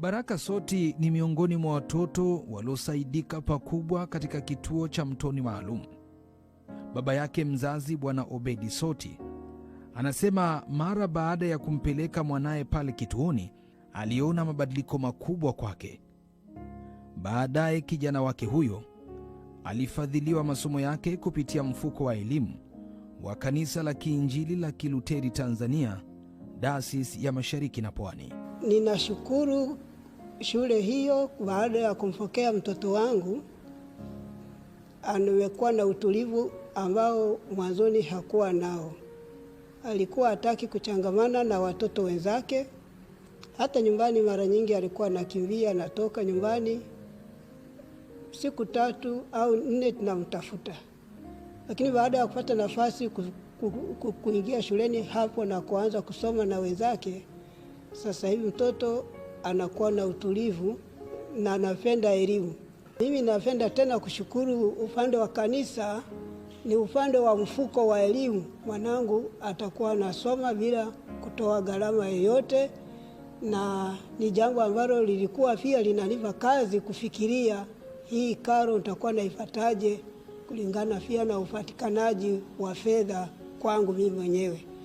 Baraka Soti ni miongoni mwa watoto waliosaidika pakubwa katika kituo cha Mtoni Maalum. Baba yake mzazi Bwana Obedi Soti anasema mara baada ya kumpeleka mwanaye pale kituoni aliona mabadiliko makubwa kwake. Baadaye kijana wake huyo alifadhiliwa masomo yake kupitia mfuko wa elimu wa kanisa la Kiinjili la Kiluteri Tanzania, Dayosisi ya Mashariki na Pwani. Ninashukuru shule hiyo, baada ya kumpokea mtoto wangu, amekuwa na utulivu ambao mwanzoni hakuwa nao. Alikuwa hataki kuchangamana na watoto wenzake. Hata nyumbani mara nyingi alikuwa anakimbia, anatoka nyumbani siku tatu au nne tunamtafuta, lakini baada ya kupata nafasi kuingia shuleni hapo na kuanza kusoma na wenzake, sasa hivi mtoto anakuwa na utulivu na anapenda elimu. Mimi napenda tena kushukuru upande wa kanisa, ni upande wa mfuko wa elimu. Mwanangu atakuwa anasoma bila kutoa gharama yoyote, na ni jambo ambalo lilikuwa pia linanipa kazi kufikiria hii karo nitakuwa naipataje, kulingana pia na upatikanaji wa fedha kwangu mimi mwenyewe.